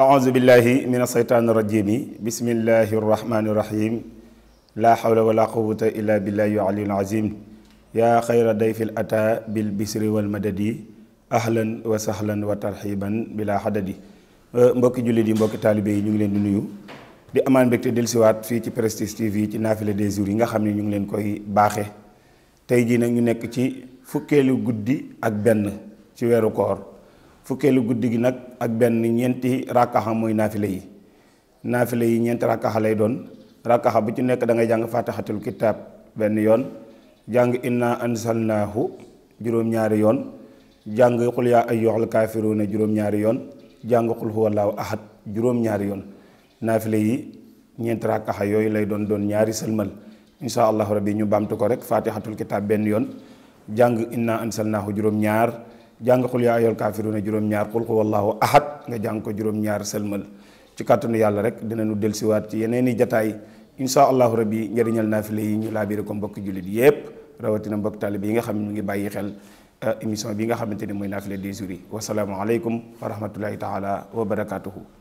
auzu billahi min asaytaani rajimi bismillahi rahmani rahim laa xawla wala quwata illa billahi aliyul azim yaa xayra dayfil ata bil bisri wal madadi ahlan wa sahlan wa tarxiban bila xadadi euh, mbokki jullit yi mbokki taalibe yi ñu ngi leen di nuyu di amaan mbégte dellusiwaat fii ci Prestige TV ci naafile des jours yi nga xam ne ñu ngi leen koy baaxe tey jii nag ñu nekk ci fukkeelu guddi ak benn ci weeru koor fukkeelu guddi gi nag ak benn ñeenti rakkaxa mooy naafile yi naafile yi ñeenti rakkaxa lay doon rakkaxa bu ci nekk da ngay jàng faatixatul kitaab benn yoon jàng inna ansalnaahu juróom-ñaari yoon jàng xul yaa ayyuhal kaafiruuna juróom-ñaari yoon jàng xul huwallaahu ahad juróom-ñaari yoon naafile yi ñeenti rakkaxa yooyu lay doon doon ñaari sëlmal insha allahu rabbi ñu baamtu ko rek faatixatul kitaab benn yoon jàng inna ansalnaahu juróom-ñaar jàng xul yaa ayyuhal kaafiruuna juróom-ñaar xul huwallaahu ahad nga jàng ko juróom-ñaar sëlmal ci kàttanu yàlla rek dinañu dellusiwaat ci yeneen i jataay insha allahu rabbi njëriñal naafile yi ñu laabire ko mbokki jullit yépp rawatina mbokk taalib yi nga xam ne ngi bàyyi xel eh, émission bi nga xamante ne mooy naafile des jours yi wasalaamu aleykum wa rahmatullahi taala wa barakatuhu